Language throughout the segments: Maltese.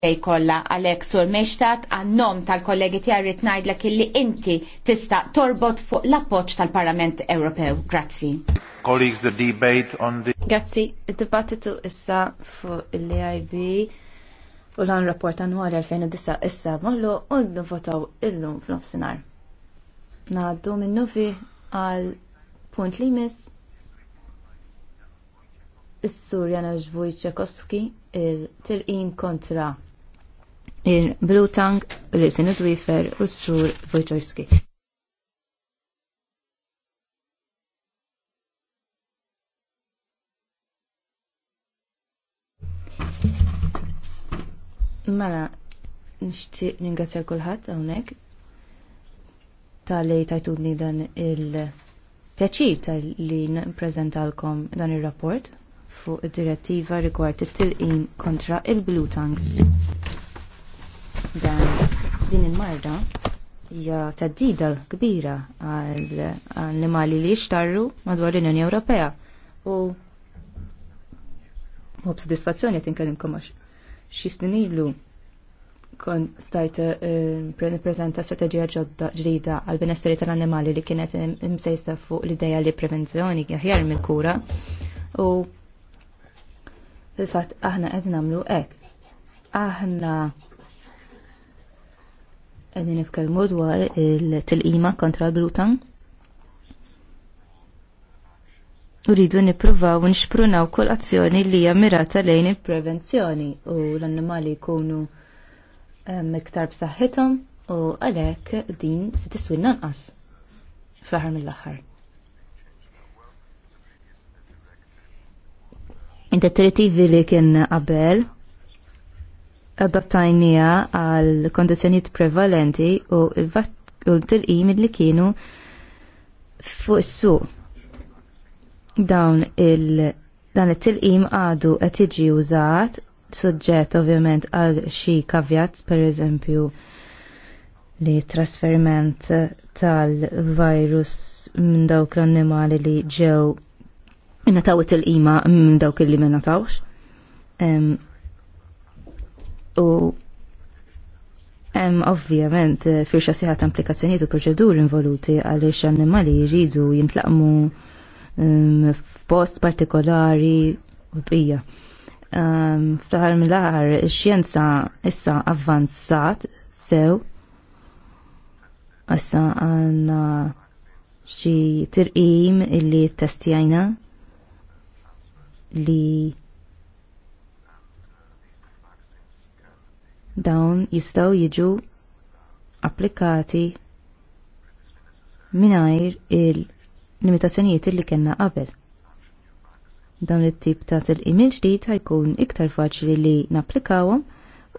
Ej kolla Alex, sur meċtat għannom tal-kollegi tiegħi ritnajd illi inti tista torbot fuq l-appoċ tal-Parlament Ewropew. Grazzi. Colleagues, the debate on the... Grazzi, il-dibattitu issa fuq l-AIB u l-għan rapport annuali 2009 issa maħlu u l-votaw illum fl-nofsinar. Naddu minnu fi għal punt li mis Is-Sur Jana Vujċekowski il-tilqim kontra il-Blutang, l-Sinu Dwifer u s-Sur Wojciechowski. Mela, nishtiq ningrazzja kulħadd hawnhekk tal-li tajtudni dan il-pjaċir tal-li nprezentalkom dan il-rapport fuq id-direttiva rigward it-tilqim kontra il-Blutang dan din il-marda hija taddida kbira għall-animali li jixtarru madwar l-Unjoni Ewropea. U u b'sodisfazzjoni qed inkellimkom għax xi snilu kon stajt nippreżenta eh, strateġija ġodda ġdida għall benesseri tal-annimali li kienet imsejsa fuq l-ideja li prevenzjoni aħjar mill-kura u fil-fatt aħna qed nagħmlu hekk. Aħna Għedin nifkelmu dwar il-tilqima kontra l-glutan. Uridu nipruvaw nxprunaw kull azzjoni li hija mirata lejn il-prevenzjoni u l-annimali jkunu miktar ehm, b'saħħithom u għalhekk din se tiswi nanqas fl-aħħar mill-aħħar. Inti direttivi li kien qabel adattajnija għal kondizjoniet prevalenti u l-tilqim li kienu fuq su Dawn il- dan il tilqim għadu qed jiġi użat suġġett ovvjament għal xi kavjat, per eżempju, li trasferiment tal-virus minn dawk l-annimali li ġew nataw it-tilqima minn dawk li ma natawx u Hemm ovvjament eh, firxa siħa ta' implikazzjonijiet u proċeduri involuti għaliex annimali jridu jintlaqmu um, f'post partikolari u bija. Um, ehm, Ftaħar mill ħar xjenza issa avvanzat sew issa għanna xie tirqim illi testjajna li dawn jistgħu jiġu applikati mingħajr il-limitazzjonijiet li kellna qabel. Dawn it-tip ta' til-imil ġdid ħajkun iktar faċli li napplikawhom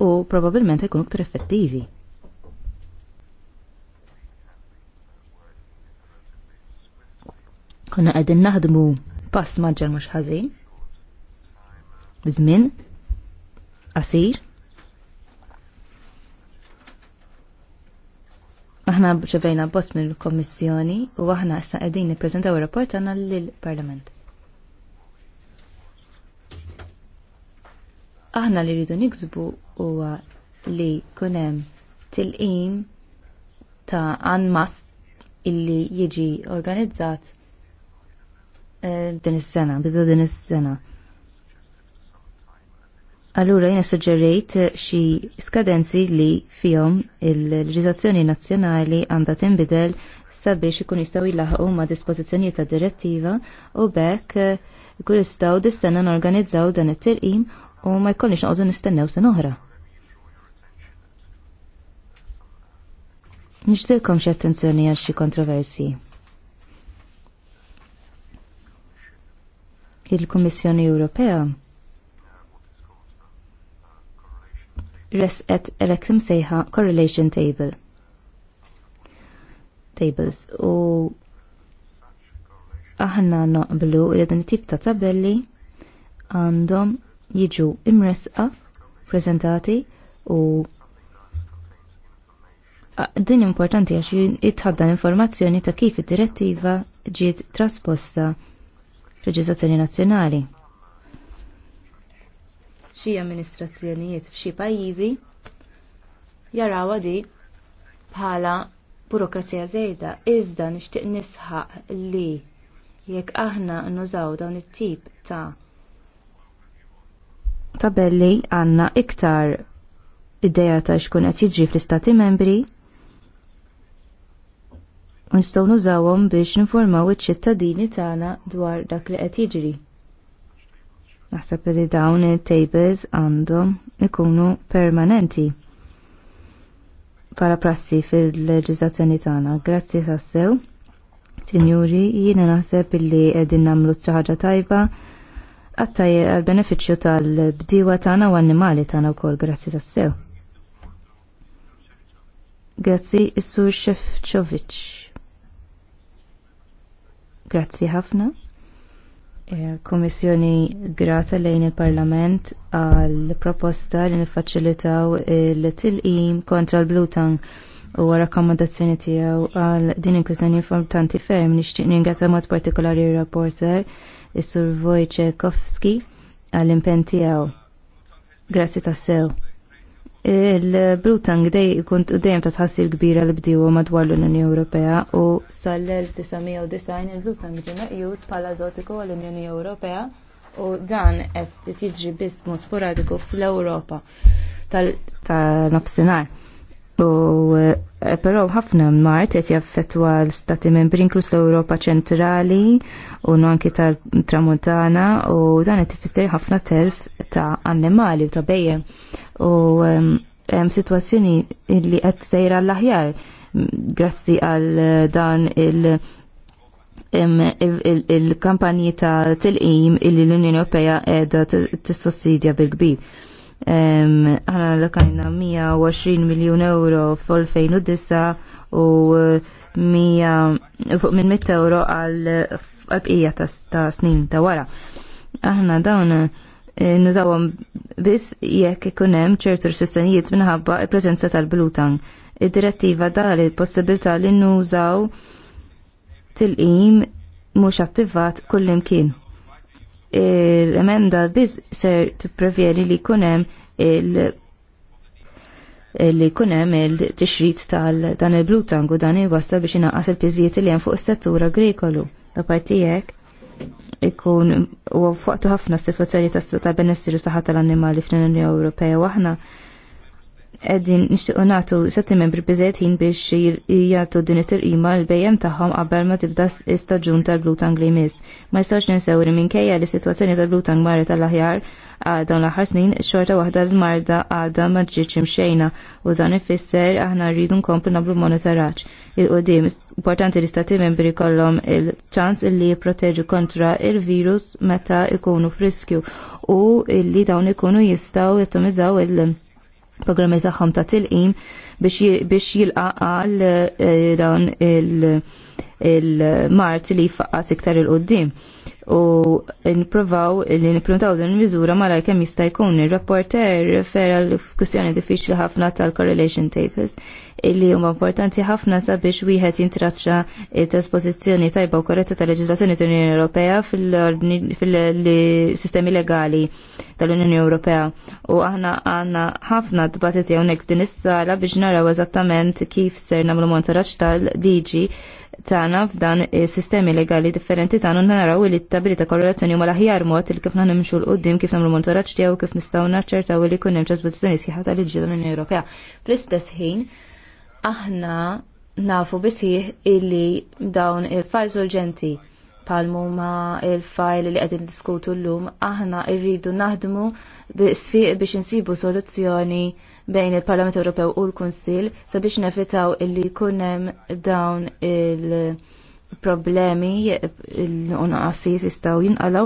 u probabbilment ħajkunu iktar effettivi. Konna qegħdin naħdmu pass maġġar mhux ħażin. Żmien qasir Aħna ġevejna bost mill-Kommissjoni u aħna issa qegħdin nippreżentaw ir-rapport għandna lill-Parlament. Aħna li rridu niksbu huwa li kun hemm tilqim ta' anmas illi jiġi organizzat eh, din is-sena, bidu din is-sena. Allura jina suġġerejt xi skadenzi li fihom il-leġiżazzjoni nazzjonali għandha tinbidel sabiex ikun jistgħu jilaħqu ma' dispożizzjonijiet ta' direttiva u bekk ikun jistgħu dis norganizzaw dan it-tilqim u ma jkollniex noqogħdu nistennew sen oħra. Nixtilkom xi attenzjoni għal xi kontroversi. Il-Kummissjoni Ewropea resqet elektim sejħa correlation table tables u aħna naqblu li dan tip ta' tabelli għandhom jiġu imresqa prezentati u din importanti għax jitħaddan informazzjoni ta' kif id-direttiva ġiet trasposta fil-ġizazzjoni nazzjonali xi amministrazzjonijiet f'xi pajjiżi jarawha di bħala burokrazija żejda iżda nixtieq nisħaq li jekk aħna nużaw dawn it-tip ta' tabelli għandna iktar ideja ta' xkun qed jiġri fl-istati membri u nistgħu nużawhom biex ninformaw iċ-ċittadini tagħna dwar dak li qed jiġri. Naħseb li dawn il-tables għandhom ikunu permanenti para prassi fil-leġizazzjoni tagħna. Grazzi tassew. Sinjuri, jiena naħseb li qegħdin nagħmlu ħaġa tajba għattaj għal benefiċċju tal-bdiwa tagħna u annimali tagħna wkoll grazzi tassew. Grazzi is-Sur Shevchovic. Grazzi ħafna. Eh, Komissjoni grata lejn il-Parlament għal proposta li nifaċilitaw il-tilqim kontra l blutang u rakkomandazzjoni tiegħu għal din il-kwistjoni importanti ferm nixtieq ningrazzja mod partikolari r-rapporter is-Sur Wojciechowski għall-impenn tiegħu. Grazzi tassew. Il-Brutang dejjem ta' tħassir kbira li bdiewa madwar l-Unjoni Ewropea u sal-1990 il-Brutang ġie meqjus bħala zotiku għall-Unjoni Ewropea u dan qed jiġri biss mod sporadiku fl-Ewropa tal-nofsinhar. U però ħafna mart qed jaffettwa l-Stati Membri inkluż l-Ewropa ċentrali u anki tal-Tramuntana u dan qed tifisser ħafna telf ta' annimali u ta' bejje. U hemm sitwazzjoni li qed sejra l-aħjar grazzi għal dan il- il-kampanji ta' tilqim il l-Unjoni Ewropea qiegħda tissossidja bil-kbir Għana l-lokajna 120 miljon euro fl-2009 u eh, fuq minn 100 euro għal bqija ta' snin ta' wara. Aħna dawn eh, nużawhom biss jekk ikun hemm ċertu sessjonijiet minħabba il prezenza tal-blutan. Id-direttiva dal il-possibilità li nużaw tilqim mhux attivat kullimkien l-emenda biz ser t-prevjeri li kunem il- li kunem il-tixrit tal-dan il blutangu dan il-wasta biex inaqqas il pizziet li jen fuq s-settur grekolu. Da partijek ikun u fuqtu ħafna s-sesswazzjoni ta' benessiru u saħħa tal-annimali fl-Unjoni Ewropea u aħna Eddin nishtiqo nagħtu setti membri biżejt biex jagħtu din it-tilqima l bejjem tagħhom qabel ma tibda staġun tal-Blutang li jmiss. Ma jistax ninsew minn minkejja li sitwazzjoni tal-Blutang marri tal-aħjar dawn l-aħħar snin xorta waħda l-marda għadha ma ġietx imxejna u dan ifisser aħna rridu nkomplu nablu monitoraġġ. Il-qudiem importanti li stati membri kollom il-ċans li jipproteġu kontra il-virus meta ikunu friskju u li dawn ikunu jistgħu jittomizzaw il- programmi tagħhom ta' tilqim biex jilqa' għal eh, dan il- il-mart li jfaqqas iktar il-qoddim u nipprovaw li nipprontaw din miżura malajr kemm jista' jkun ir-rapporter refera l-kwistjoni diffiċli ħafna tal-correlation tables illi huma importanti ħafna sabiex wieħed jintraċċa trasposizzjoni tajba u korretta tal-leġiżlazzjoni tal-Unjoni Ewropea fil-sistemi legali tal-Unjoni Ewropea. U aħna għandna ħafna dbatiti hawnhekk din is-sala biex naraw eżattament kif ser nagħmlu monitoraġġ tal-DG ta' tagħna f'dan is-sistemi legali differenti tagħna naraw li t-tabilita korrelazzjoni huma l-aħjar mod il kif naħdem xul quddiem qudiem kif nagħmlu monitoraġġ tiegħu kif nistgħu naċċertaw li jkun hemm ġazbazzjoni sħiħa tal-liġi tal-Unjoni Ewropea. Fl-istess ħin aħna nafu bisih illi dawn il-fajż urġenti palmu ma il-fajl li għedin diskutu l-lum, aħna irridu naħdmu sfiq biex nsibu soluzzjoni bejn il-Parlament Ewropew u l-Kunsil sabiex nefitaw illi kunem dawn il-problemi il-unqasis jistaw jinqalaw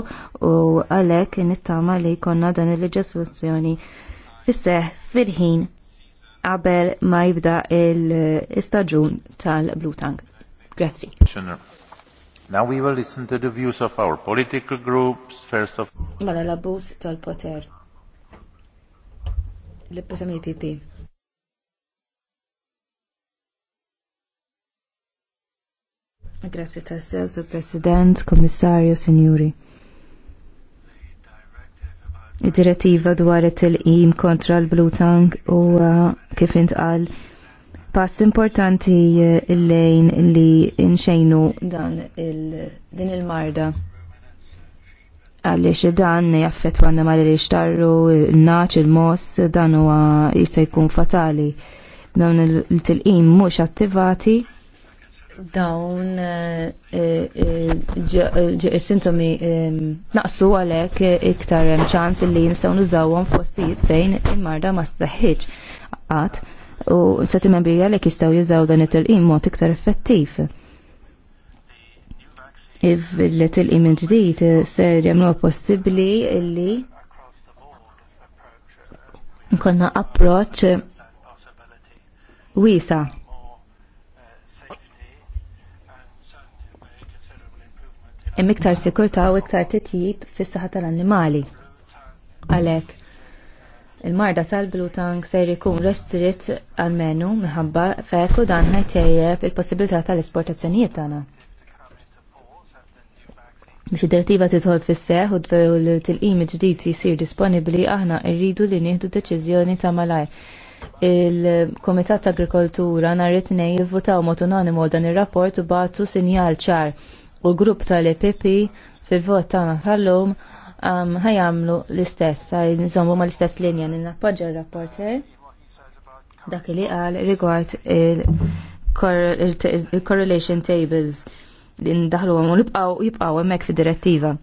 u għalek nittama li konna dan il-leġislazzjoni fisseħ fil-ħin qabel ma jibda l istaġun tal blutang Grazie. Grazzi. Now we will listen to the views of our political groups, first of... Mela l-abbuż tal-poter. L-abbuż PP. Grazie tassew, Sur President, Komissarju, Sinjuri. Id-direttiva dwar it-tilqim kontra l-Blue Tongue u kif intqal pass importanti eh, lejn li nxejnu dan il din il-marda għaliex dan jaffetwa għanna li xtarru, il-naċ, il-mos, dan huwa jista' jkun fatali. Dawn il-tilqim mhux attivati dawn eh, eh, sintomi naqsu għalek iktar ċans li jinsaw nużawon fossijiet fejn il-marda ma staħħiġ għat u s stati membri għalek jistaw jizzaw dan it-tilqim mod iktar effettiv. If il-tilqim ġdijt ser jamlu possibli illi konna approċ wisa. Imiktar sikurta u iktar titjib fis-saħħa tal-annimali. Għalek, il-marda tal blutang se jkun restritt għal-menu minħabba feku dan ħajtejjeb il-possibilità tal-esportazzjonijiet tagħna. Biex id-direttiva titħol fis-seħ u l-tilqim ġdid jisir disponibbli aħna rridu li nieħdu deċiżjoni ta' malajr. Il-Komitat ta' Agrikoltura nhar it-tnejn jivvutaw mod unanimu dan ir-rapport u batu sinjal ċar u l-grupp tal-EPP fil-vot tagħna tal-lum Um, ħajamlu l-istess, nżommu ma l-istess linja n-nappoġġa l-rapporter dak li għal rigward il-correlation tables li ndaħlu għom u jibqaw jibqaw emmek fi direttiva.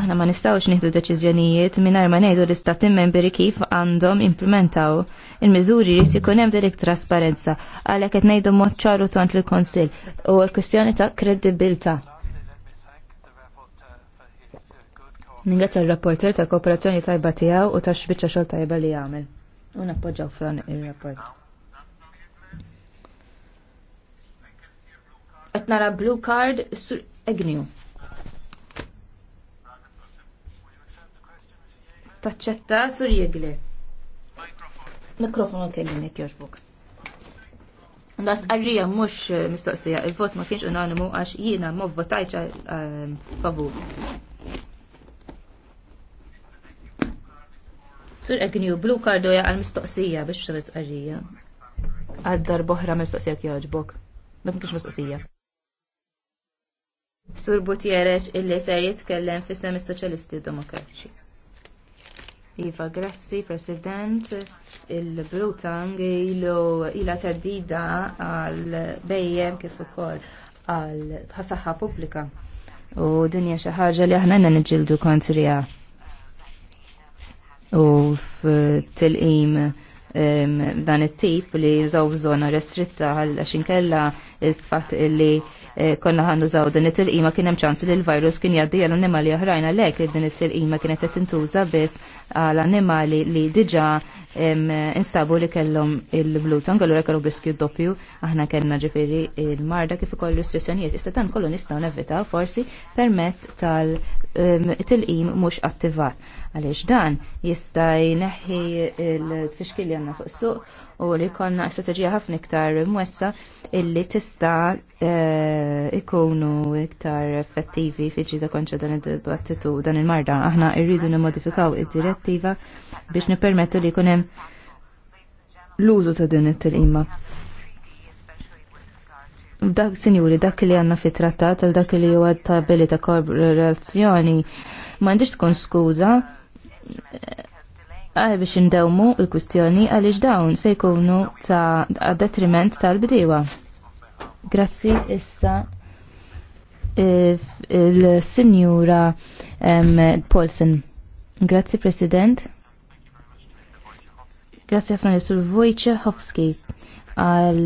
Aħna ma nistawx nieħdu deċiżjonijiet mingħajr ma ngħidu l-istati membri kif għandhom implementaw il-miżuri li jkun hemm dik trasparenza għalhekk qed ngħidu mod ċaru tant lill-Konsill u l kwestjoni ta' kredibilta' Ningat il-rapporter ta' kooperazzjoni tajba tijaw u ta' xbicċa xol tajba li jgħamil. Un appoġġaw f'dan il-rapport. Etnara blue card sur Egnew. Taċċetta sur jegli. Mikrofon: kellim jek joġbuk. Das għarrija mux eh, mistoqsija, il-vot ma kienx unanimu għax jina ma votajċa eh, favur. Sur Agnew, blu kardoja għal-mistoqsija biex bċa mistoqsija. Għaddar boħra mistoqsija kjoġbok. Dak mkix mistoqsija. Sur Butjereċ illi ser jitkellem fissem il-Soċjalisti Demokratiċi. Iva, grazzi, President. Il-Blu Tang ilu ila teddida għal bejjem kif ukoll għal ħasaħħa pubblika. U dinja xi ħaġa li aħna niġġieldu kontrija u f'tilqim dan it-tip li jużaw f'żona restritta għal inkella il fat li eh, konna ħannu zaw din it-tilqima kien hemm ċans li l-virus kien jgħaddi għal annimali oħrajn għalhekk din it-tilqima kienet qed tintuża biss għal annimali li diġà instabu li kellhom il-blu tangal allura kellu riskju doppju aħna kellna ġifieri il-marda kif ukoll restrizzjonijiet issa dan kollu nistgħu nevitaw forsi permezz tal-tilqim mhux attivat għaliex dan jista' jneħħi l-tfixkil li għandna fuq suq u li konna strategija ħafna iktar mwessa illi tista eh, ikunu iktar effettivi fiġi ta' konċa dan id-dibattitu dan il-marda. Aħna irridu nimmodifikaw id-direttiva biex nipermettu li kunem l-użu ta' din it-tilqima. Dak sinjuri, dak li għanna fi trattat, dak li huwa ta' belli ta' korporazzjoni, ma' tkun skuza għal biex indewmu il-kustjoni għalix dawn se jkunu ta' detriment tal-bdiewa. Grazzi issa eh, il-Sinjura Polsen. Grazzi President. Grazzi ħafna Sur Wojciechowski għal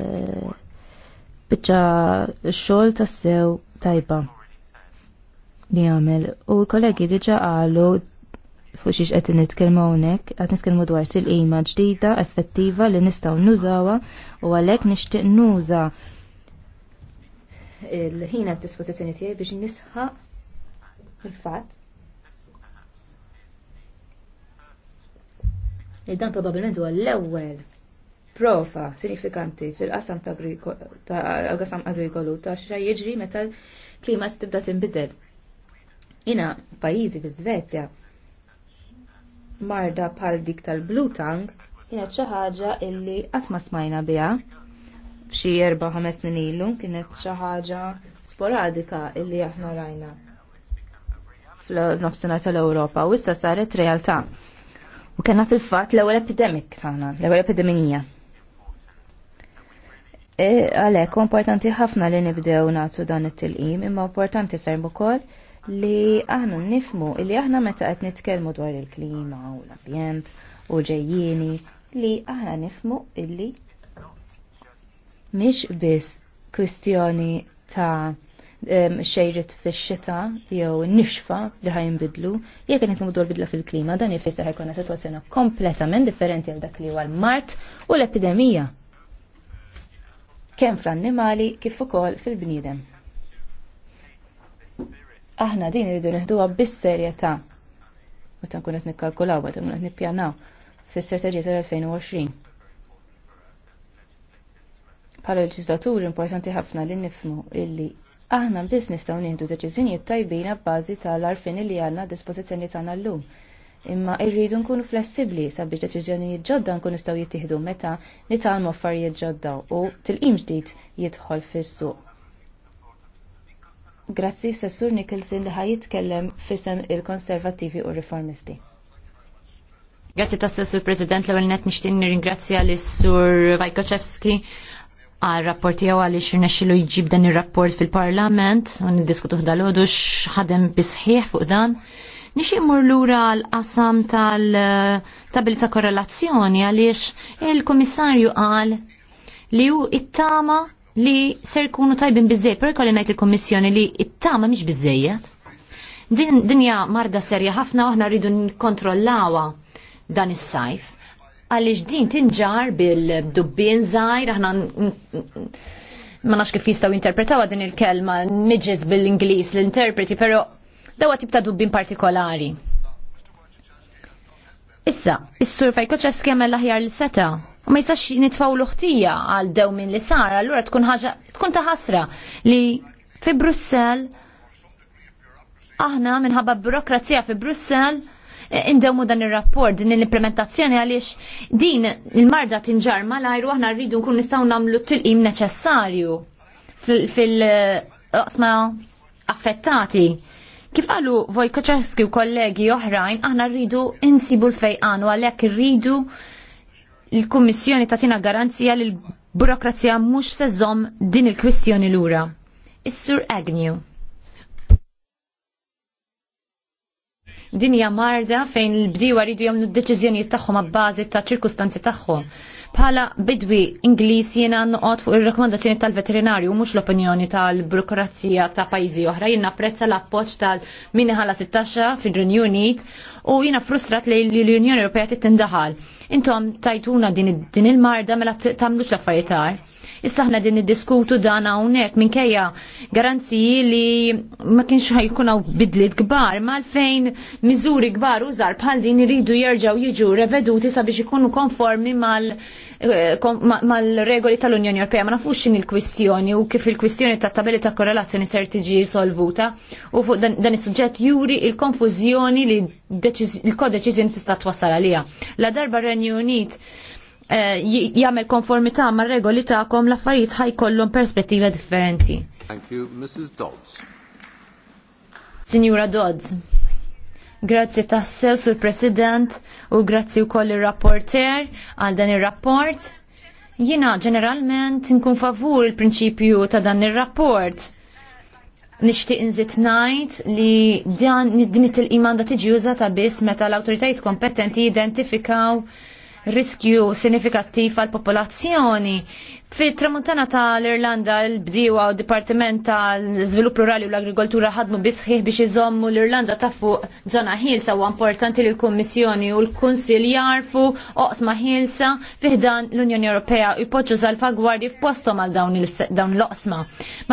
eh, bieċa xol ta' sew tajba li għamil. U kollegi diġa għalu fuq xiex qed nitkellmu hawnhekk, qed nitkellmu dwar il-qima ġdida, effettiva li nistgħu nużawha u għalhekk nixtieq nuża il ħina għad dispożizzjoni tiegħi biex nisħaq il-fatt li dan probabbilment huwa l-ewwel profa sinifikanti fil-qasam ta' qasam agrikolu ta' xra jiġri meta l-klima tibda tinbidel. Ina pajizi fi Svezja marda bħal dik tal-Blue Tang kienet xi ħaġa illi qatt ma smajna biha f'xi erba' ħames snin ilu kienet xi ħaġa sporadika illi aħna rajna fl-nofsina tal-Ewropa u issa saret realtà. U kena fil-fatt l-ewwel epidemik tagħna, l-ewwel epidemija. E, għalhekk importanti ħafna li nibdew nagħtu dan it-tilqim, imma importanti ferm ukoll li aħna nifmu li aħna meta qed nitkellmu dwar il-klima u l-ambjent u ġejjieni li aħna nifmu illi mhix biss kwistjoni ta' xejrit fix-xita jew nixfa li ħajnbidlu, jekk qed nitkellmu dwar bidla fil-klima dan jfisser ħajkun sitwazzjoni kompletament differenti għal dak li huwa l-Mart u l-epidemija kemm fl-annimali kif ukoll fil-bniedem aħna din irridu neħduha bis-serjetà. Meta nkunu qed nikkalkulaw, meta nkun qed nippjanaw fis-strateġija tal-2020. Bħala leġislaturi importanti ħafna li nifmu illi aħna biss nistgħu nieħdu deċiżjonijiet tajbina b'bażi tal-arfin li għandna dispożizzjoni tagħna llum. Imma rridu nkunu flessibbli sabiex deċiżjonijiet ġodda nkun nistgħu jittieħdu meta nitalmu affarijiet ġodda u tilqim ġdid jidħol fis-suq Grazzi Sessur Nicholson li ħaj fisem il-konservativi u riformisti. Grazzi ta' Sessur President l net nishtin nirringrazzja li Sur Vajkoċevski għal rapporti għaw għal xirnexilu jġib dan il-rapport fil-parlament u nil-diskutu ħdal-ħodu xħadem bisħiħ fuq dan. Nix l lura l-qasam tal-tabilita korrelazzjoni għaliex il-komissarju għal li u it-tama li ser kunu tajbin bizzej, per kolli najt il-Kommissjoni li it-tama miex bizzejiet. Din, dinja marda serja ħafna uħna aħna rridu nkontrollawa dan is-sajf. Għaliex din tinġar bil-dubbin zaħir, aħna ma nafx kif jistaw interpretawa din il-kelma midges bil-Ingliż l-interpreti, però dawa tip ta' dubbin partikolari. Issa, is surfaj Fajkoċevski għamel l-aħjar l-seta' u ma jistax nitfaw l-uħtija għal dew minn li sar, allura tkun ħaġa tkun ta' ħasra li fi Brussel aħna minħabba burokrazija fi Brussel eh, indewmu dan ir-rapport din l-implementazzjoni għaliex din il-marda tinġar malajr u aħna rridu nkun nistgħu nagħmlu t-tilqim neċessarju fil-qasma eh, affettati. Kif qalu Vojkoċewski u kollegi oħrajn, aħna rridu insibu l-fejqan u għalhekk irridu il-Kummissjoni tatina garanzija li l-burokrazija mhux se din il-kwistjoni lura. Is-Sur Agnew. Din hija marda fejn l bdiewa ridu jomnu d-deċiżjonijiet tagħhom għabbażi ta' ċirkustanzi tagħhom. Bħala bidwi Ingliż jiena noqgħod fuq ir-rakkomandazzjoni tal-veterinarju mhux l-opinjoni tal-burokrazija ta' pajjiżi oħra. Jien napprezza l-appoġġ tal-min ħala 16 fir-Renew Unit u jina frustrat li l-Unjoni Ewropea tittindaħal. Intom tajtuna din il-marda mela tamluċ l-affarietar. Issa ħna din niddiskutu dan hawnhekk minkejja garanziji li ma kienx ħajkun hawn bidliet kbar, malfejn miżuri kbar użar bħal din iridu jerġgħu jiġu reveduti sabiex ikunu konformi eh, mal-regoli tal-Unjoni Ewropea. Ma nafux xin il-kwistjoni u kif il-kwistjoni ta' tabelli ta' korrelazzjoni ser tiġi solvuta u fuq dan is-suġġett juri il-konfużjoni li il-kodeċiżjoni tista' twassal għalija. La darba Renju Unit Eh, jagħmel konformità mar regoli tagħkom l-affarijiet ħajkollhom perspettiva differenti. Thank you, Mrs. Dodds. Signora Dodds, grazzi tassew sur President u grazzi wkoll ir-rapporter għal dan ir-rapport. Jina ġeneralment nkun favur il-prinċipju ta' dan ir-rapport. Nixtieq inżit ngħid li dan din it għandha tiġi użata biss meta l-awtoritajiet kompetenti jidentifikaw riskju sinifikattiv għal popolazzjoni. fit tramuntana tal-Irlanda, l bdiw u Dipartiment tal-Zvilupp Rurali u l-Agrikoltura ħadmu bisħiħ biex iżommu l-Irlanda ta' fuq zona ħilsa u importanti li l-Kummissjoni u l-Kunsil jarfu oqsma ħilsa fiħdan l-Unjoni Ewropea u jpoġġu zal-fagwardi f'postom għal dawn l-oqsma.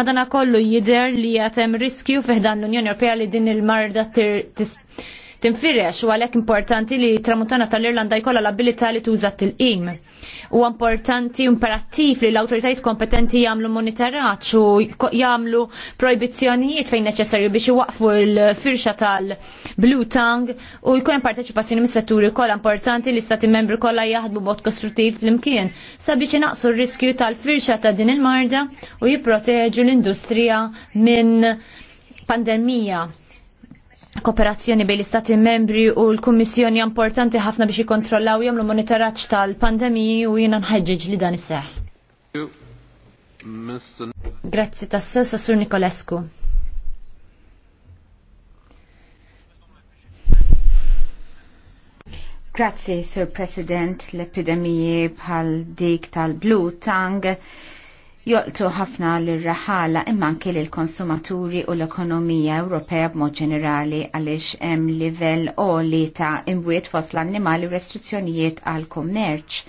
Madana kollu jider li jatem riskju fiħdan l-Unjoni Ewropea li din il-marda tinfirex u għalhekk importanti li tramuntana tal-Irlanda jkollha l-abilità li tuża t-tilqim. U importanti imperattiv li l-awtoritajiet kompetenti jagħmlu monitoraġġ u jagħmlu projbizzjonijiet fejn neċessarju biex iwaqfu l-firxa tal-Blue Tongue u jkun hemm parteċipazzjoni mis-setturi kollha importanti li stati membri kollha jaħdmu b'mod kostruttiv flimkien sabiex inaqsu r-riskju tal-firxa ta' din il-marda u jipproteġu l-industrija minn pandemija kooperazzjoni bejn l-Istati membri u l-Kummissjoni importanti ħafna biex jikontrollaw jom l-monitoraġġ tal-pandemiji u jina nħedġiġ li dan isseħ. Grazzi tassew Sassur Nikolescu. Grazzi, Sir President, l-epidemiji bħal dik tal-blu tang joqtu ħafna l-raħala imma anke l konsumaturi u l-ekonomija Ewropea b'mod ġenerali għaliex hemm livell oli ta' imwiet fost l-annimali u restrizzjonijiet għal kummerċ.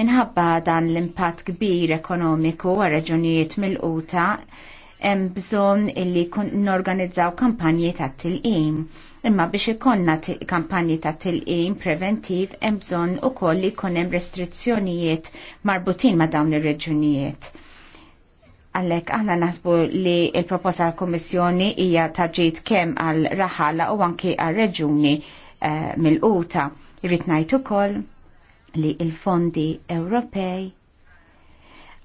Minħabba dan l-impatt kbir ekonomiku għal reġunijiet mill-quta hemm bżonn illi norganizzaw kampanji ta' tilqim. Imma biex ikonna kampanji ta' tilqim preventiv hemm bżonn ukoll li jkun hemm restrizzjonijiet marbutin ma' dawn ir-reġunijiet Għallek, aħna naħsbu li il-proposta għal-Komissjoni hija taġġiet kemm għal-raħala u anki għal-reġuni eh, mill-quta. Irrid ngħid ukoll li il-fondi Ewropej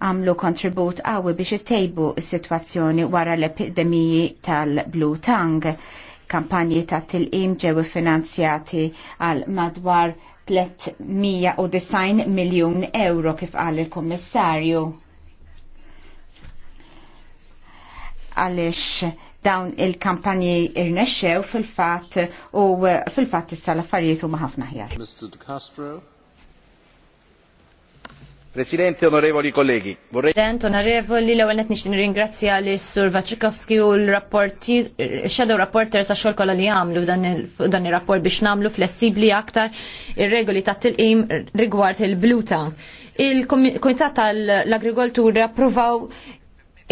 għamlu kontribut għawi biex ittejbu s-situazzjoni wara l-epidemiji tal-Blue Tang. Kampanji ta' til-im ġewi finanzjati għal madwar 390 miljon euro kif għal il-Kommissarju. għalix dawn il-kampanji irnexxew fil-fat u fil-fat issa l-affarijiet huma ħafna ħjar. Presidente, onorevoli kollegi, vorrei... Presidente, onorevoli, l għanet nix ringrazzja li s-sur Vacikovski u l-rapporti, shadow rapporter sa xol kolla li għamlu dan il-rapport biex namlu flessibli aktar il-regoli ta' til-im rigward il-Blue il-Komitat tal-Agrikoltura provaw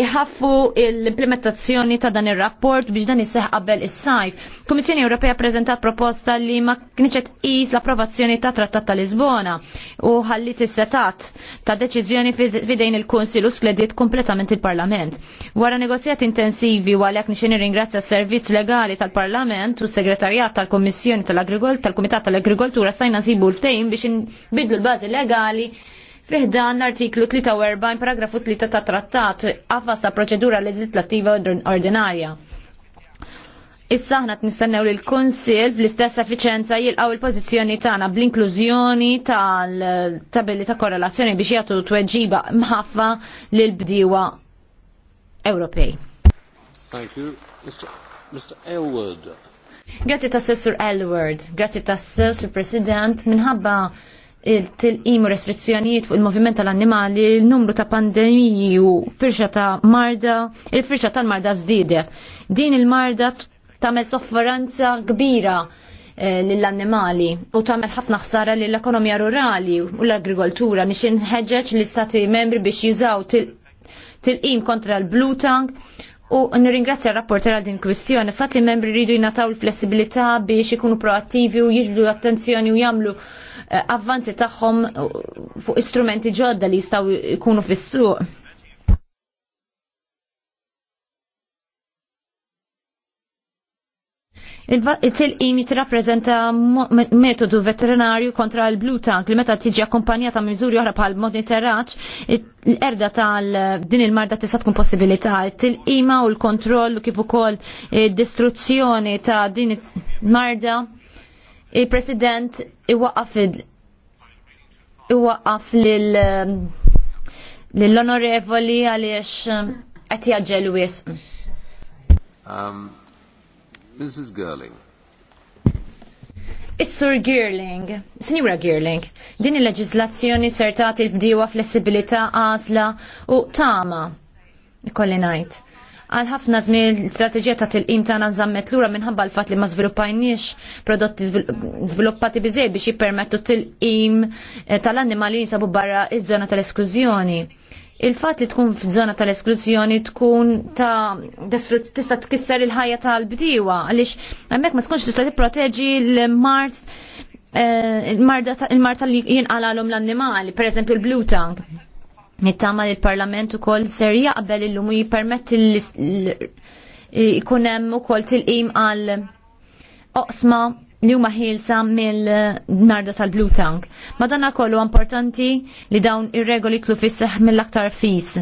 iħaffu l-implementazzjoni ta' dan ir-rapport biex dan isseħ qabel is-sajf. Kummissjoni Ewropea preżentat proposta li ma kniċet is tqis l-approvazzjoni ta' Trattat ta' Lisbona u ħallit is-setat ta' deċiżjoni fidejn il-Kunsil u skledit kompletament il-Parlament. Wara negozjat intensivi u għalek nixeni ringrazzja s-servizz legali tal-Parlament u s-segretarjat tal-Kummissjoni tal-Agrikoltura tal-Kumitat tal-Agrikoltura stajna nsibu l-ftejn biex nbidlu l-bażi legali Fihdan l-artiklu 43 paragrafu 3 ta' trattat għafas ta' proċedura leġislattiva ordinarja. Issa saħna t-nistennew li l-Konsil fl-istess effiċenza jilqaw il-pozizjoni tagħna bl-inklużjoni tal-tabelli ta' korrelazzjoni biex jagħtu tweġiba mħaffa lil bdiewa Ewropej. Thank you. Mr. Elward. Grazzi tas-Sur Elward, grazzi sur President minħabba il-tilqim u restrizzjonijiet fuq il-moviment tal-annimali, il-numru ta' pandemiji u firxa ta' marda, il-firxa tal-marda żdiedet. Din il-marda tagħmel soffranza kbira eh, lill-annimali u tagħmel ħafna ħsara lill-ekonomija rurali u l-agrikoltura biex inħeġġeġ l-istati membri biex jużaw tilqim kontra l-blutang U nirringrazzja r-rapporter għal din kwistjoni. sa' li membri rridu jnataw l-flessibilità biex ikunu proattivi u jiġbdu attenzjoni u jagħmlu eh, avvanzi tagħhom eh, fuq istrumenti ġodda li jistgħu jkunu fis-suq Il-tilqim jitrapprezenta metodu veterinarju kontra l-blu tank li meta tiġi akkompanjata miżuri oħra bħal monitoraġġ l-erda tal din il-marda tista' tkun possibilità. Il-tilqima u l-kontroll kif ukoll distruzzjoni ta' din il-marda il-President iwaqaf iwaqaf lill um, l-onorevoli għaliex um, qed għagġel wisq. Um, Mrs. Girling. Is-Sur Girling, Sinjura Girling, din il-leġizlazzjoni l bdiewa flessibilità għażla u tama, ikolli ngħid. Għal ħafna żmien l-istrateġija ta' tilqim tagħna żammet lura minħabba l-fatt li ma żviluppajniex prodotti żviluppati biżejjed biex jippermettu tilqim eh, tal-annimali jinsabu barra iż-żona tal-esklużjoni il-fat li tkun f'żona tal-esklużjoni tkun ta' tista' tkisser il-ħajja tal-bdiewa għaliex hemmhekk ma tkunx tista' tipproteġi l-mart eh, il-marta li jinqalalhom l-annimali, eżempju l-blue tongue. Nittama li l-Parlament ukoll ser jaqbel illum jippermetti u hemm ukoll tilqim għal oqsma li huma ħilsa mill-narda tal-Blue Tank. Madonna kollu importanti li dawn ir-regoli tlu fisseħ mill-aktar fis.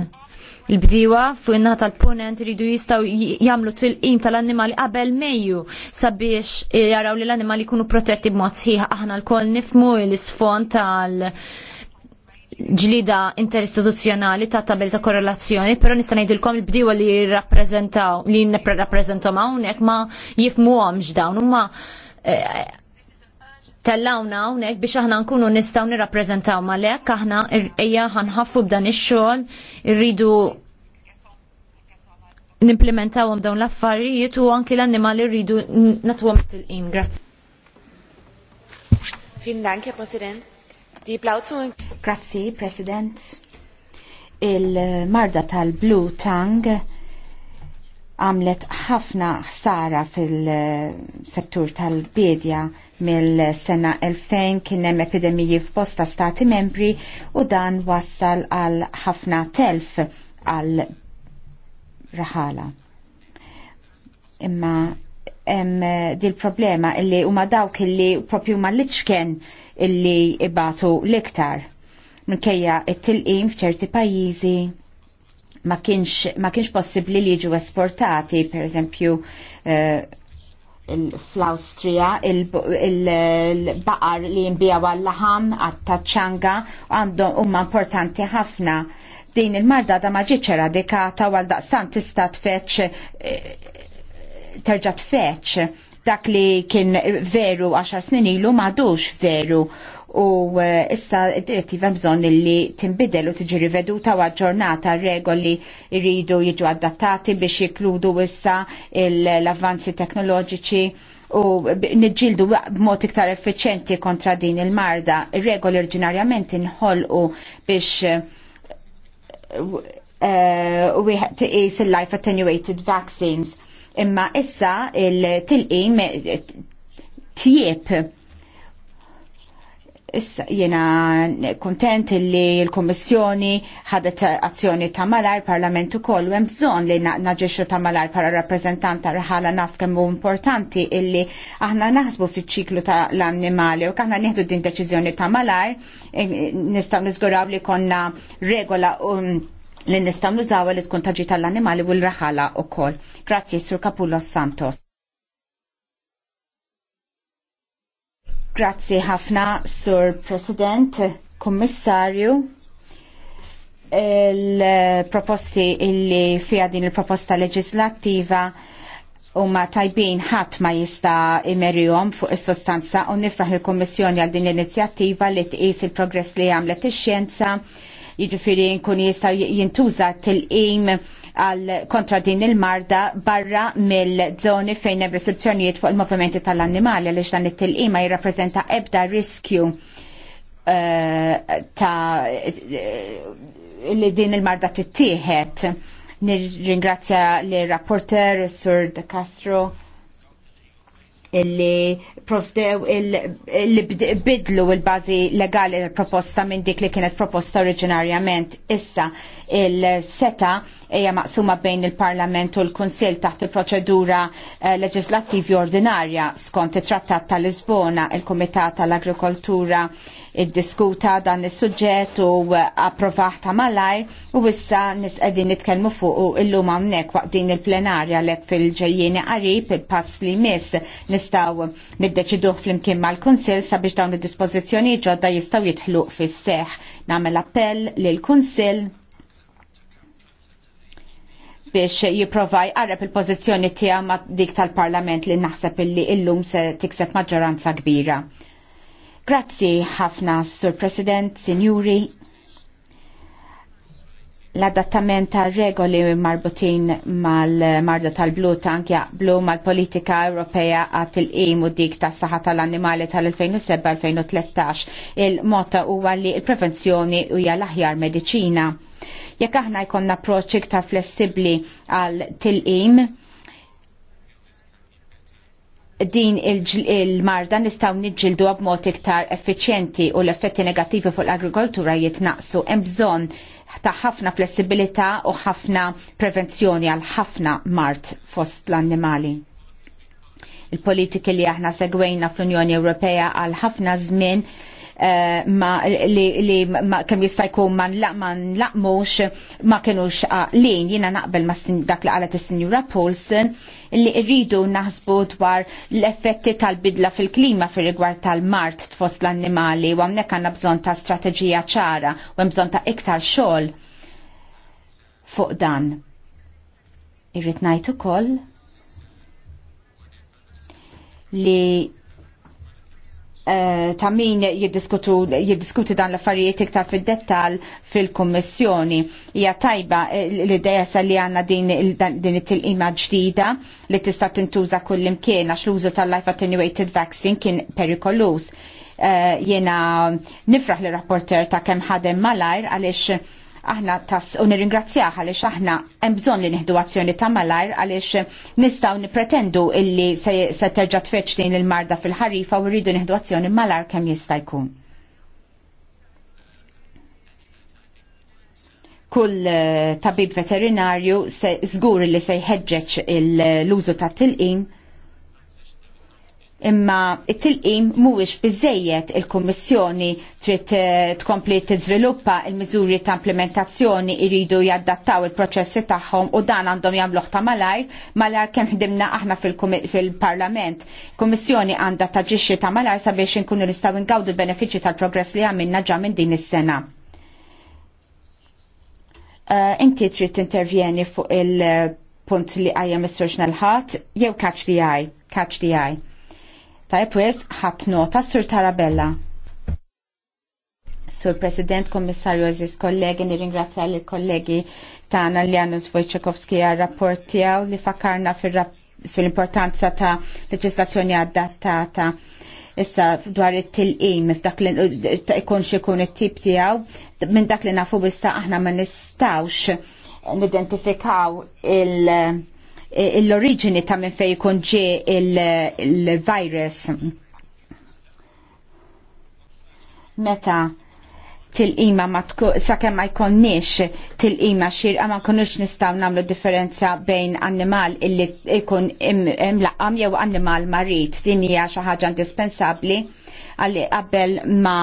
Il-bdiwa fuq in-naħa tal-punent iridu jistgħu jagħmlu tilqim tal-annimali qabel Mejju sabiex jaraw li l-annimali jkunu protetti b'mod sħiħ aħna lkoll nifmu l-isfond tal- ġlida interistituzzjonali ta' tabel ta' korrelazzjoni, pero nista' ngħidilkom il-bdiewa li jirrappreżentaw li nipprappreżentaw hawnhekk ma jifmuhomx dawn huma tellawna hawnhekk biex aħna nkunu nistgħu nirrappreżentaw malek aħna ejja ħanħaffu b'dan ix-xogħol irridu nimplementawhom dawn l-affarijiet u anki l-annimali rridu natwhom it-tilqim. Grazzi. Vielen Dank, Herr Präsident. Die Blauzungen. Grazie, President. Il-marda tal-Blue Tang għamlet ħafna ħsara fil-settur tal-bidja mill-sena 2000 kien hemm epidemiji f'bosta stati membri u dan wassal għal ħafna telf għal raħala. Imma hemm dil-problema illi huma dawk illi propju ma liċken illi ibatu l-iktar minkejja it-tilqim f'ċerti pajjiżi ma kienx, ma kienx possibli li jiġu esportati, per esempio, eh, fl-Austria il-baqar li jimbija għall laħam għat-taċċanga għandhom umma importanti ħafna din il-marda da maġiċ eradikata għal daqstan tista' tfeċ eh, terġa' tfeċ dak li kien veru 10 snin ilu madux veru u issa id-direttiva bżonn li timbidel u tiġi riveduta u aġġornata regoli jridu jiġu adattati biex jikludu issa l-avvanzi teknoloġiċi u nġildu b'mod iktar effiċenti kontra din il-marda. Regoli oriġinarjament inħolqu biex u tiqis il-life attenuated vaccines. Imma issa il-tilqim tjieb Issa jena kontent li l-Kommissjoni ħadet azzjoni ta' malar parlament u koll, hemm bżonn li naġġexxu ta' malar para rappreżentant ta' rħala naf kemm hu importanti illi aħna naħsbu fiċ-ċiklu ta' l-annimali u kaħna nieħdu din deċiżjoni ta' malar e, nistgħu niżguraw li konna regola um, li nistaw nużaw li tkun taġi tal-annimali u l-raħala u Grazzi, Grazie, Sur Capullo Santos. Grazzi ħafna, Sur President, Kommissarju. Il-proposti illi fija din il-proposta leġislattiva u ma tajbin ħadd ma jista imerjom fuq is-sostanza u nifraħ il-Kommissjoni għal din l-inizjattiva li tqis il-progress li għamlet ix-xjenza jiġifieri nkun jista' jintuża til-qim għal kontra din il-marda barra mill-żoni fejn hemm restrizzjonijiet fuq il-movimenti tal-annimali għaliex dan it-tilqim ma jirrappreżenta ebda riskju uh, ta' li din il-marda tittieħed. Nirringrazzja l rapporter Sur De Castro illi provdew illi bidlu il-bazi legali l-proposta minn dik li kienet proposta oriġinarjament. Issa, il-seta hija maqsuma bejn il-Parlament u l-Kunsill taħt il-proċedura eh, leġislattivi ordinarja skont it-Trattat tal-Lisbona il-Kumitat tal-Agrikoltura id-diskuta dan is-suġġett u eh, approvaħ ta' malajr u issa nisqegħdin nitkellmu fuq illum hawnhekk waqt din il-plenarja lek fil-ġejjieni qarib il-pass li miss nistgħu niddeċiduh flimkien mal-Kunsill sabiex dawn id-dispożizzjoni ġodda jistgħu jitħluq fis-seħħ. Nagħmel appell lil-Kunsill biex jipprovaj għarrab il-pozizjoni tiegħu ma' dik tal-Parlament li naħseb illi illum se tikseb maġġoranza kbira. Grazzi ħafna, Sur President, Sinjuri. L-adattament ta' regoli marbutin mal-marda tal-blu tank jaqblu mal-politika Ewropea għat il-qim u dik ta' saħħa tal-annimali tal-2007-2013 il-mota huwa li il-prevenzjoni u l-aħjar medicina Jekk aħna jkollna approċċi iktar flessibbli għal tilqim, din il-marda il nistaw nġildu b'mod iktar effiċjenti u l-effetti negattivi fuq l-agrikoltura jitnaqsu. Hemm bżonn ta' ħafna flessibilità u ħafna prevenzjoni għal ħafna mart fost l-annimali. Il-politiki li aħna segwejna fl-Unjoni Ewropea għal ħafna żmien Eh, ma li ma kemm jista' jkun ma nlaqmux ma kinux għaqlin jiena naqbel ma dak li qalet is-Sinjura Paulson li rridu naħsbu dwar l-effetti tal-bidla fil-klima fil rigward tal-mart tfos l-annimali u hawnhekk għandna bżonn ta' strateġija ċara u hemm bżonn ta' iktar xogħol fuq dan. Irrid ngħid ukoll li Eh, ta' min jiddiskuti dan l-affarijiet iktar fid-dettal fil-Kommissjoni. Hija tajba eh, l-ideja sa li għandna din it-tilqima ġdida li tista' tintuża kullimkien għax l-użu tal-life attenuated vaccine kien perikolus. Eh, Jena nifraħ l rapporter ta' kemm ħadem malajr għaliex aħna tas u nirringrazzjaħ għaliex aħna hemm bżonn li nieħdu azzjoni ta' malajr għaliex nistgħu nippretendu illi se, terġa' tfeċ din il-marda fil-ħarifa u rridu nieħdu azzjoni malajr kemm jista' jkun. kull eh, tabib veterinarju se żgur li se jħeġġeġ l-użu tat-tilqin imma it-tilqim mhuwiex biżejjed il-Kummissjoni trid eh, tkompli tiżviluppa il-miżuri ta' implementazzjoni jridu jaddattaw il-proċessi tagħhom u dan għandhom jagħmluh ta' malajr malajr kemm ħdimna aħna fil-Parlament. Kummissjoni għandha taġixxi ta' malajr sabiex inkunu nistgħu ingawdu l-benefiċċji tal-progress li għamilna ġa minn din is-sena. Eh, inti trid intervjeni fuq il- punt li għajja Mr. Xnalħat, jew catch the eye, kaċ Tajb wis ħadd nota Sur Tarabella. Sur President, Kommissarju Aziz, kollegi, nirringrazzja li kollegi tagħna li Janus Wojciechowski għal rapport tiegħu li fakarna fil-importanza ta' leġislazzjoni adattata issa dwar it-tilqim f'dak li ikun ikun it-tip tiegħu minn dak li nafu issa aħna ma nistgħux nidentifikaw il- Eh, l-oriġini ta' minn fej jkun ġie il-virus. Meta til-ima ma sakemm ma jkonniex til-ima xirqa ma nkunux nistgħu nagħmlu differenza bejn animal illi jkun imlaqam jew animal marit. Din hija xi ħaġa indispensabbli għalli qabel ma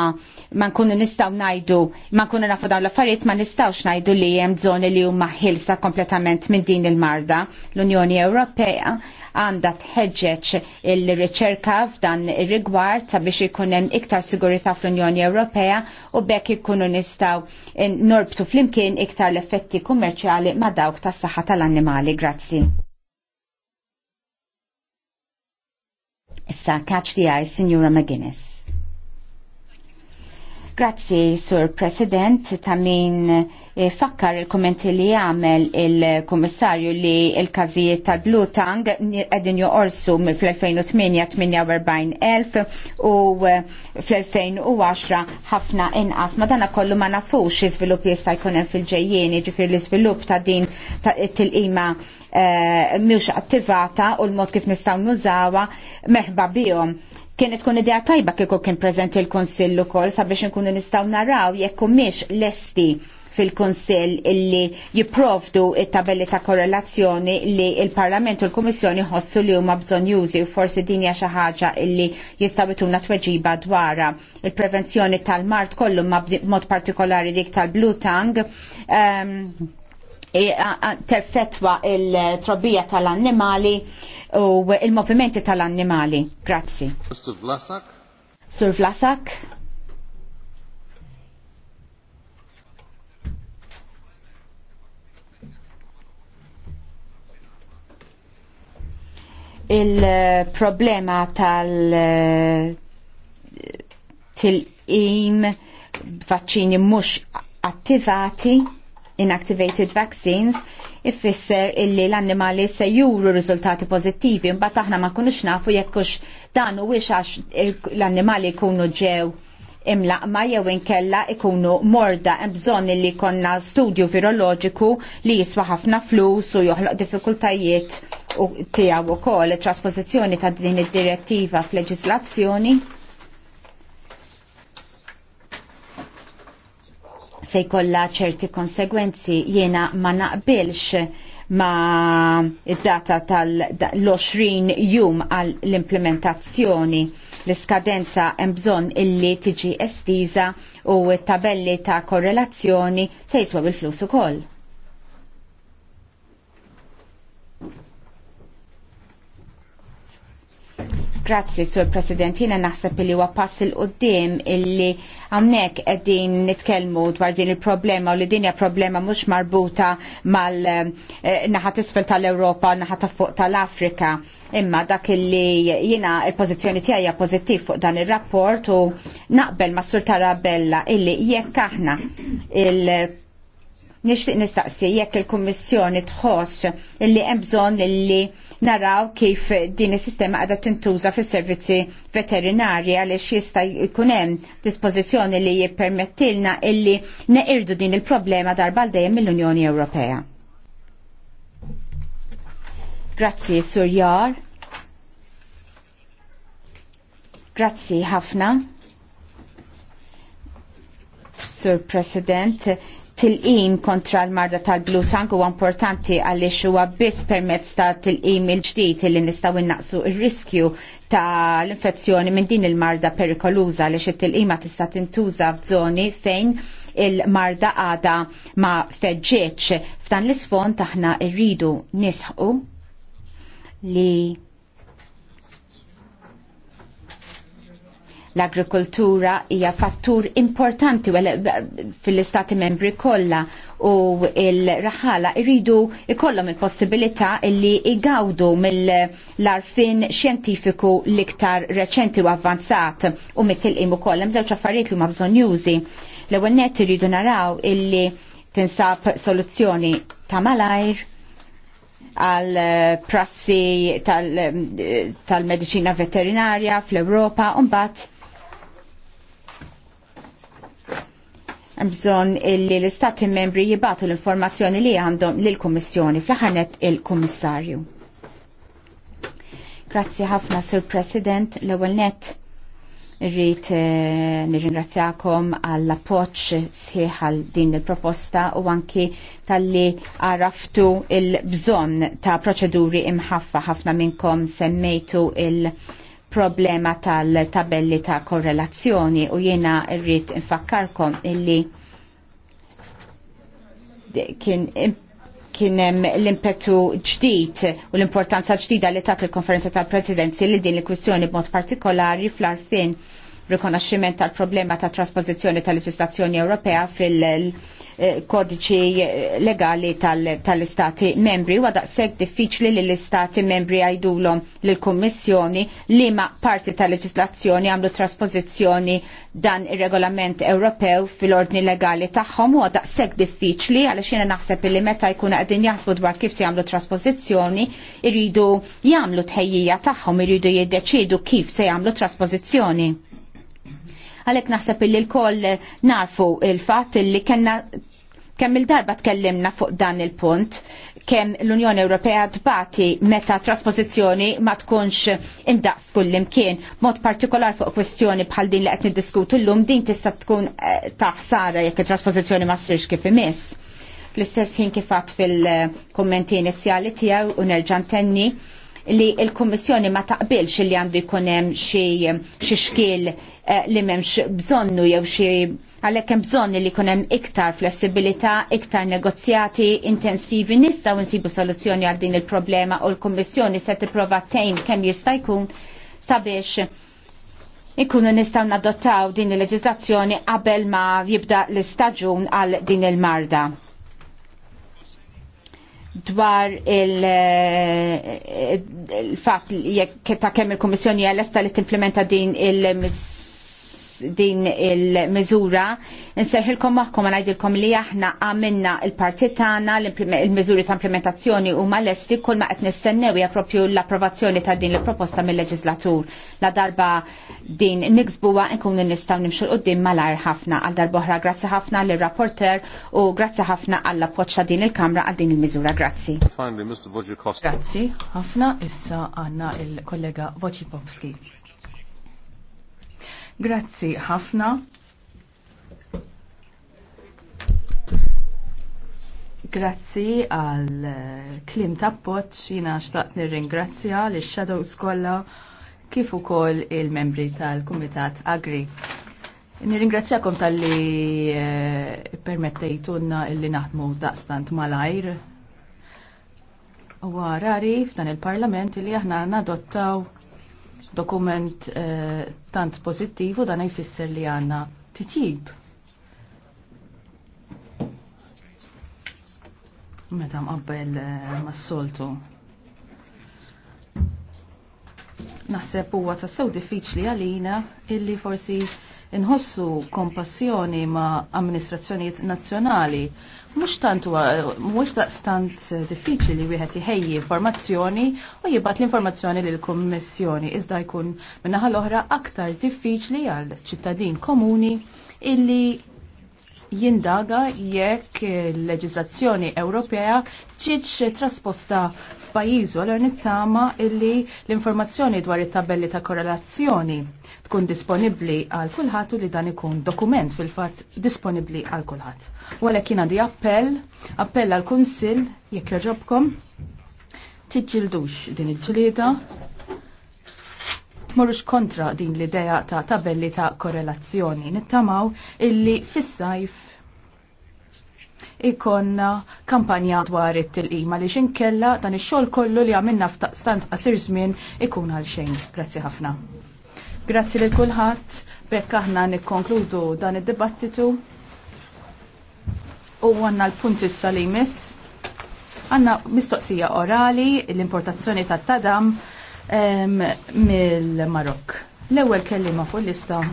ma nkunu nistaw najdu ma nkunu nafu dawn l-affarijiet ma nistawx najdu li hemm żoni li huma ħilsa kompletament minn din il-marda. L-Unjoni Ewropea għandha tħeġġeġ il-riċerka f'dan ir-rigward sabiex ikun hemm iktar sigurità fl-Unjoni Ewropea u bekk ikunu nistaw norbtu flimkien iktar l-effetti kummerċjali ma dawk tas-saħħa tal-annimali. Grazzi. Issa, catch the eye, Signora McGuinness. Grazzi, Sur President, ta' min eh, fakkar il-kommenti li għamel il-Komissarju li il-kazijiet tal-Blue Tang ju orsu fl-2008-48,000 u eh, fl-2010 ħafna inqas. Ma dana kollu ma nafux iżvilupp jista' jkun hemm fil ġejjeni ġifir l-iżvilupp ta' din ta' til-qima eh, mhux attivata u l-mod kif nistgħu nużawha merħba bihom Kienet tkun idea tajba kieku kien preżenti l-Konsill ukoll sabiex nkunu nistgħu naraw jekk mhix lesti fil-Konsill illi jipprovdu it-tabelli ta' korrelazzjoni li il-Parlament u l-Kummissjoni ħossu li huma bżonn jużi u forsi din hija xi ħaġa illi jistgħu ituna tweġiba dwarha. Il-prevenzjoni tal-mart kollu mod partikolari dik tal-blue tongue um, E, terfetwa il-trobbija tal-annimali u il-movimenti tal-annimali. Grazzi. Mr. Vlasak. Sur Vlasak. il-problema tal- til-im vaccini mux attivati inactivated vaccines ifisser illi l-annimali se juru riżultati pozittivi mbagħad aħna ma kunux nafu jekkux dan u wix għax l-annimali jkunu ġew imlaqma jew inkella ikunu morda hemm bżonn illi konna studju viroloġiku li jiswa ħafna flus u joħloq diffikultajiet tiegħu wkoll it traspożizzjoni ta' din id-direttiva f'leġislazzjoni se jkollha ċerti konsegwenzi jiena ma naqbilx ma id-data tal-20 jum għal l-implementazzjoni. L-iskadenza bżonn illi tiġi estiża u t tabelli ta' korrelazzjoni se jiswa bil-flus ukoll. Grazzi, Sur President, jina naħseb li huwa pass il qoddim illi għamnek qegħdin nitkellmu dwar din il-problema u li din hija problema mhux marbuta mal eh, naħa tisfel tal-Ewropa u ta' fuq tal-Afrika. Imma dak illi jina il-pożizzjoni tiegħi hija pożittiv fuq dan ir-rapport u naqbel ma' Sur Tarabella illi jekk aħna il nixtieq nistaqsi jekk il-Kummissjoni tħoss illi hemm bżonn illi naraw kif din is-sistema għadha tintuża fis-servizzi veterinarji għaliex jista' jkun hemm dispożizzjoni li jippermettilna illi neqirdu din il-problema darba dejjem mill-Unjoni Ewropea. Grazzi, Sur Jar. Grazzi ħafna. Sur President, tilqim kontra l-marda tal-blutank huwa importanti għaliex huwa biss permezz ta' tilqim il-ġdid li nistgħu innaqsu r-riskju ta' l-infezzjoni minn din il-marda perikoluża għaliex it-tilqima tista' tintuża f'żoni fejn il-marda għada ma feġġieċ. F'dan l-isfond aħna rridu nisħu li L-agrikoltura hija fattur importanti fil-istati membri kollha u il-raħala jridu ikollhom il-possibilità li igawdu mill-arfin xjentifiku l-iktar reċenti u avvanzat u mit-tilqim ukoll hemm żewġ affarijiet li huma bżonn jużi. L-ewwel nett iridu naraw illi tinsab soluzzjoni ta' malajr għal prassi tal-medicina veterinarja fl-Europa un bat bżon li l-istati membri jibatu l-informazzjoni li għandhom l-Kommissjoni fl-ħarnet il-Kommissarju. Grazzi ħafna, Sir President, l-ewel net rrit eh, nirringrazzjakom għall appoċ sħiħ għal din il-proposta u anki tal-li għaraftu il-bżon ta' proċeduri imħaffa ħafna minnkom semmejtu il- problema tal-tabelli ta' korrelazzjoni u jiena rrid infakkarkom illi kien kien l-impetu ġdid u l-importanza ġdida li tat il-konferenza tal-presidenzi li din il-kwistjoni b'mod partikolari fl-arfin rikonoxximent tal-problema ta' trasposizjoni tal-leġislazzjoni Ewropea fil-kodiċi eh, legali tal-istati tal membri u għadaqseg diffiċli li l-istati membri għajdulom l-Kommissjoni li ma' parti tal-leġislazzjoni għamlu trasposizjoni dan il-regolament Ewropew fil-ordni legali tagħhom u għadaqseg diffiċli għalix xina naħseb li meta jkun għedin jaħsbu dwar kif se jagħmlu trasposizjoni irridu jagħmlu tħejjija tagħhom irridu jiddeċidu kif se jagħmlu trasposizjoni. Għalhekk naħseb illi l-koll narfu il-fatt illi kena kemm il-darba tkellimna fuq dan il-punt kemm l-Unjoni Ewropea tbati meta trasposizzjoni ma tkunx indaqs kullimkien. Mod partikolar fuq kwestjoni bħal din li qed niddiskutu llum din tista' tkun eh, taħsara jekk it-trasposizzjoni ma ssirx kif imiss. Fl-istess ħin kif fil-kommenti eh, inizjali tiegħu u nerġa' ntenni li il-Kommissjoni ma taqbilx li għandu jkun hemm xi xkiel eh, li m'hemmx bżonnu jew xi għalhekk hemm bżonn li jkun hemm iktar flessibilità, iktar negozjati intensivi nistgħu nsibu soluzzjoni għal din il-problema u l-Kummissjoni se tipprova tgħin kemm jista' jkun sabiex Ikunu nistaw nadottaw din il-leġislazzjoni qabel ma jibda l-istaġun għal din il-marda dwar il il-fat jekk ta' kemm il-Kummissjoni għal li timplementa din il-miss din il-mizura, nserħilkom maħkom għanajdilkom li aħna għamilna il-partit tagħna il-mizuri ta' implementazzjoni u mal-esti kull ma' qed nistennew hija propju l-approvazzjoni ta' din il-proposta mill-leġislatur. La darba din niksbuha nkunu nistgħu nimxu qudiem malajr ħafna għal darba oħra. Grazzi ħafna lir rapporter u grazzi ħafna għall appoġġa din il-Kamra għal din il-miżura. Grazzi. Grazzi ħafna issa għandna il-kollega Wojciechowski. Grazzi ħafna. Grazzi għal eh, klim ta' poċ jina xtaqt nirringrazzja l shadows kollha kif ukoll il-membri tal-Kumitat Agri. Nirringrazzjakom tal-li eh, permettejtunna illi naħdmu daqstant malajr. U rari f'dan il-Parlament li aħna nadottaw dokument eh, tant pozittivu dan jfisser li għanna titjib. Meta mqabbel eh, mas-soltu. Naħseb huwa tassew diffiċli għalina illi forsi inħossu kompassjoni ma' amministrazzjonijiet nazzjonali. Mhux tant mhux daqstant diffiċli li wieħed iħejji informazzjoni u jibgħat l-informazzjoni l kummissjoni iżda jkun min-naħa l-oħra aktar diffiċli għal ċittadin komuni illi jindaga jekk il-leġislazzjoni Ewropea ġietx trasposta f'pajizu għal nittama illi l-informazzjoni dwar it-tabelli ta' korrelazzjoni tkun disponibli għal kulħadd u li dan ikun dokument fil-fatt disponibli għal kulħadd. U jien għandi appell, appell għal kunsill jekk jogħġobkom tiġġildux din il-ġlieda tmorrux kontra din l-idea ta' tabelli ta' korrelazzjoni nittamaw illi fis-sajf ikonna kampanja dwar it-tilqima li xinkella dan ix-xogħol kollu li għamilna f'taqstant qasir żmien ikun għal xejn. Grazzi ħafna. Grazzi li kulħadd bekk aħna nikkonkludu dan id-dibattitu. U għanna l-punt issa li jmiss. Għanna mistoqsija orali l-importazzjoni ta' tadam mill marok L-ewwel kellima fuq l-lista